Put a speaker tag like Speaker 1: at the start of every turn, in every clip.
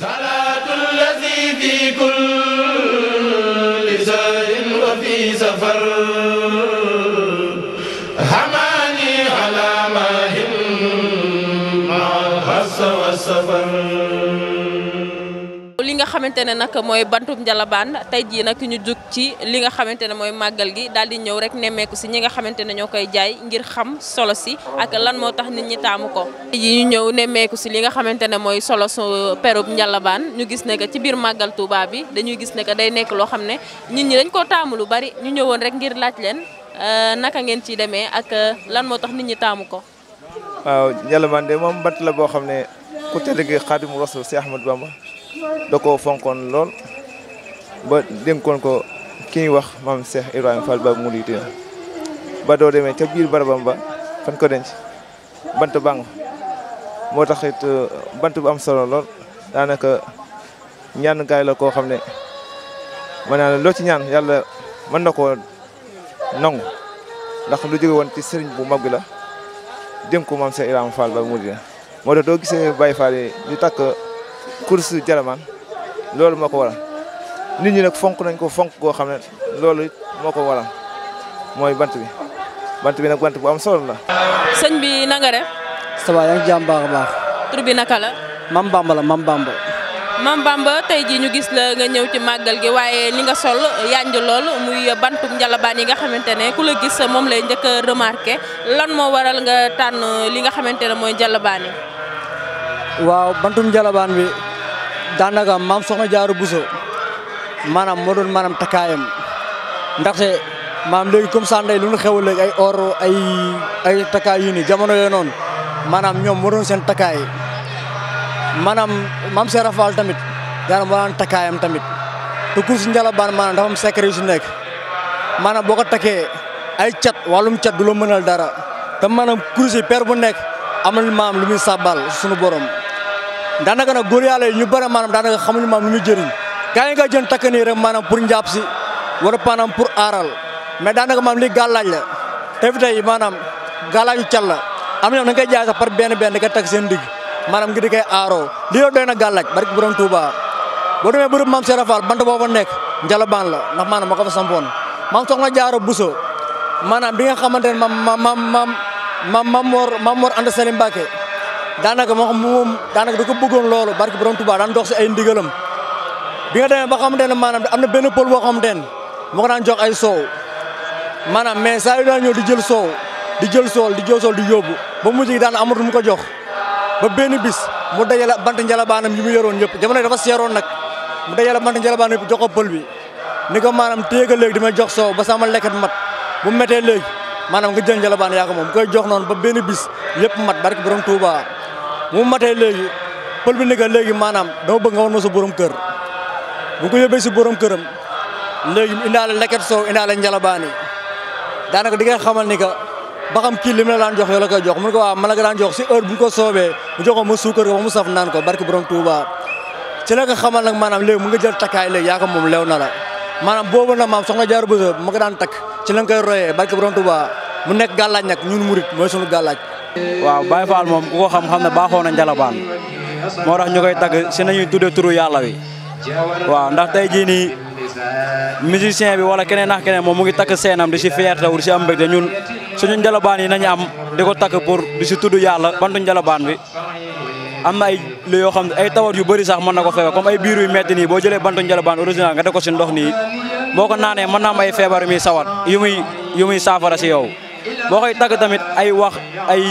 Speaker 1: صلاة الذي في كل سهر وفي سفر حماني على
Speaker 2: ماهن مع الحس والسفر xamante nak nag mooy bantum njalabaan tey jii nag ñu jug ci li nga xamante ne mooy màggal gi daal di ñëw rek nemmeeku si ñi nga xamante ne jaay ngir xam solo si ak lan moo tax nit ñi taamu ko. tey jii ñu ñëw nemmeeku si li nga xamante ne solo su perub njalabaan ñu gis ne que ci biir màggal Touba bi dañuy gis ne que day nekk loo xam nit ñi dañ koo taamu lu bari ñu ñëwoon rek ngir laaj leen euh, naka ngeen ciy demee ak euh, lan moo tax nit ñi taamu ko.
Speaker 1: waaw njalabaan de moom bant la boo xam ne ku tedd gi Xaadimu Rasuul si Bamba da koo fonkoon lool ba dénkoon ko ki wax maam Cheikh Ibrahima Fall ba mu Mouride ba doo demee ca biir barabam ba fan ko denc bant bàng moo tax it euh, bant bu am solo lool daanaka ñaan gaay la koo xam ne ma naa loo ci ñaan yàlla mën na koo nangu ndax lu jóge woon ci sëriñ bu mag bi la dénk ko maam Cheikh mu Fall ba moo tax doo gisee Baye Fall yi ñu takk course jaraman lalu mau wala nit ñi nak fonk nañ ko fonk Mau xamne ne mako wala moy bant bi bant bi nak bant bu am solo la.
Speaker 2: señ bi na nga def.
Speaker 3: ça va yaa ngi jàmm baax baax. tur bi naka la. mam bamba la mam bamba.
Speaker 2: mam bamba tay ji ñu gis la nga ñew ci magal gi waye li nga sol ju lool muy bantum njalabaan yi nga xamantene ku la gis mom lay ñëk remarquer lan mo waral nga tan li nga xamantene moy mooy yi.
Speaker 3: waaw bantum bi. Danaga mam soxna jaaru buso manam modon manam takayam ndax se mam legi comme ça ndey lu ñu xewal léegi ay or ay ay takay yi ni jamono yooyu non manam ñom modon sen takay manam mam se rafal tamit dara mo lan takayam tamit te kursi ban manam dafa am secret yu nekk maanaam ay cat walum cat du lo mënal dara te manam kursi père bu nekk amul mam lu muy suñu borom dana gana goor manam danaka manam ñu jëriñ gaay manam pour japsi, wara panam pur aral mais danaka manam li galalya tevda yi manam galalya cial la am ñom jaga par manam ngi dikay aro liyo dana galak, barik burung tuba burung me burung mam serafal bant bo nek jala banla la manam mako sampon mam na jaro buso manam bi nga xamantene mam mam mam mam mamor mam mam mam danaka mo mom danaka duko bëggoon loolu barki borom tuba daan dox ci ay ndigeelam bi nga demee ba xam ne manam amna benn pël bo xam ne mo ko daan jox ay soow manam mais sa yu dañ ñëw di jël soow di jël sool di jël sool di yobbu ba mu gi daan mu ko jox ba benn bis mu dajala bant banam yi mu yoroon yëpp jamono dafa séron nak mu dajala bant njalabaanam banam jox ko pël bi ni ko téega di jox soow ba sama lekkat mat bu méttee mana manam nga jël ban ya ko mom koy jox non ba benn bis yep mat barki borom Touba mu matee léegi pël bi nekk léegi maanaam dama bëgg nga woon ma sa borom kër bu ko yóbbee si borom këram léegi indaale leket soow indaale njalabaani daanaka di nga xamal ni que ba xam kii li mu la daan jox yow la jox mun ko waaw ma la ko daan jox si heure bu ko soobee mu jox ko ma suukar ba mu saf naan ko barki borom Touba ci la nga xamal nag maanaam léegi mu nga jël takaay léegi yaa ko moom lew na la maanaam boobu nag maam soxna ma ko daan takk ci la nga koy royee barki borom Touba mu nekk gàllaaj nag ñun murit mooy sunu gàllaaj waaw Baye Fall moom ku ko xam-xam ne baaxoo na njalabaan moo tax ñu koy tagg si nañuy tuddee turu yàlla wi waaw ndax tey jii nii musicien bi wala keneen nax keneen moom mu ngi takk seenam di si fierté wul si am mbégte ñun suñu njalabaan yi nañu am di ko takk pour di si tudd yàlla bantu njalabaan bi am na ay lu yoo xam ne ay tawat yu bari sax mën na ko feebar comme ay biir yu metti nii boo jëlee bantu njalabaan original nga def ko si ndox nii boo ko naanee mën na am ay feebar yu muy sawat yu muy saafara si yow boo koy tagg tamit ay wax ay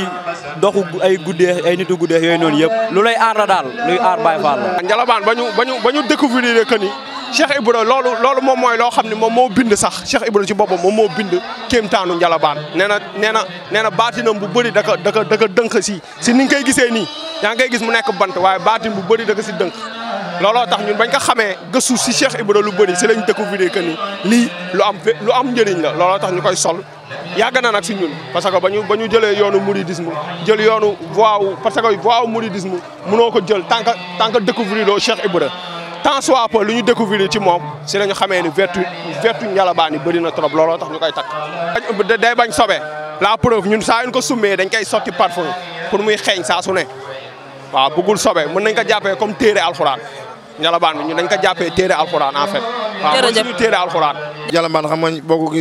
Speaker 3: doxu ay guddeex ay nitu guddeex yooyu noonu yëpp lu lay aar daal luy aar Baye Fall la. Njalabaan
Speaker 1: ba ñu ba ñu ba ñu que ni Cheikh Ibra loolu loolu moom mooy loo xam ne moom moo bind sax Cheikh Ibra si boppam moom moo bind kéemtaanu Njalabaan nee na nee na nee na baatinam bu bëri da ko da ko dënk si si ni nga koy gisee nii yaa gis mu nekk bant waaye baatin bu bëri da ko si dënk. lolo tax ñun bañ ko xamé geussu ci Cheikh Ibra lu ci lañu tekk découvrir que ni li lu am lu am ñëriñ la lolo tax ñukoy sol yag na nak ci ñun parce que bañu bañu jëlé yoonu mouridisme jël yoonu voix wu parce que voix wu mouridisme mëno ko jël tank tank découvrir lo Cheikh Ibra tant soit pour lu ñu découvrir ci mom ci lañu xamé ni vertu vertu ñalabaani yi na trop lolo tax ñukoy tak day bañ sobé la preuve ñun sa ñu ko summee dañ koy sorti parfum pour muy xéñ sa su ne waaw bëggul sobe mën nañ ko jappé comme téré alcorane Njalabaan bi ñun dañ ko jàppee téere alxuraan en fait. waaw suñu téere alxuraan. xam nga boo ko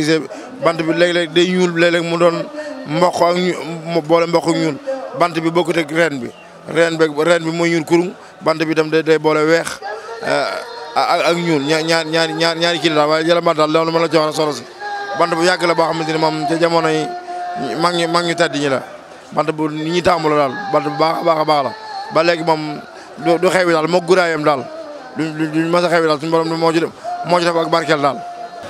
Speaker 1: bant bi léeg-léeg day ñuul léeg-léeg mu doon mboq ak boole mboq ñuul bant bi bokkut ak reen bi reen bi reen bi mooy ñuul kurum bant bi tam day day boole weex eh, ak ak ñuul ñaar ñaar ñaar ñaar ñaari kii daal waaye Njalabaan daal loolu mën la joxoon solo si bant bu yàgg la boo xamante ne moom ca jamono yi mag ñu mag ñu tàddi ñi la bant bu ni ñuy taamu daal bant bu baax a baax a baax la ba léegi moom du xewi daal moo guraayam daal luñ luñ mës a daal suñu borom moo ci def moo ci def ak barkeel daal.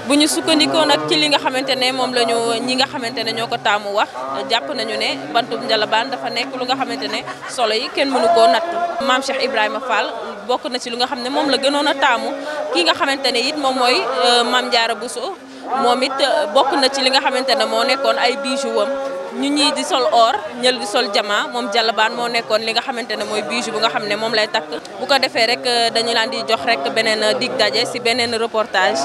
Speaker 2: bu ñu sukkandikoo nag ci li nga xamante ne moom la ñu ñi nga xamante ne ñoo ko taamu wax jàpp nañu ne bantub njalabaan dafa nekk lu nga xamante ne solo yi kenn mënu koo natt. maam Cheikh Ibrahima Fall bokk na ci li nga xam ne moom la gënoon a taamu ki nga xamante ne it moom mooy euh, maam Jaara Buso moom it euh, bokk na ci li nga xamante ne moo nekkoon ay bijoux wam ñu ñii di sol oor ñël di sol jamaa moom jàllabaan moo nekkoon li nga xamante ne mooy bijou bu nga xam ne moom lay takk bu ko defee rek euh, dañu laan di jox rek beneen euh, dig daje si beneen reportage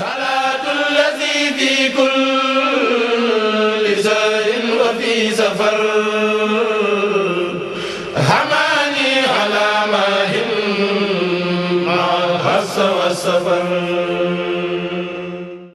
Speaker 1: salaatul lazi fi kulli sahrin wa fi safar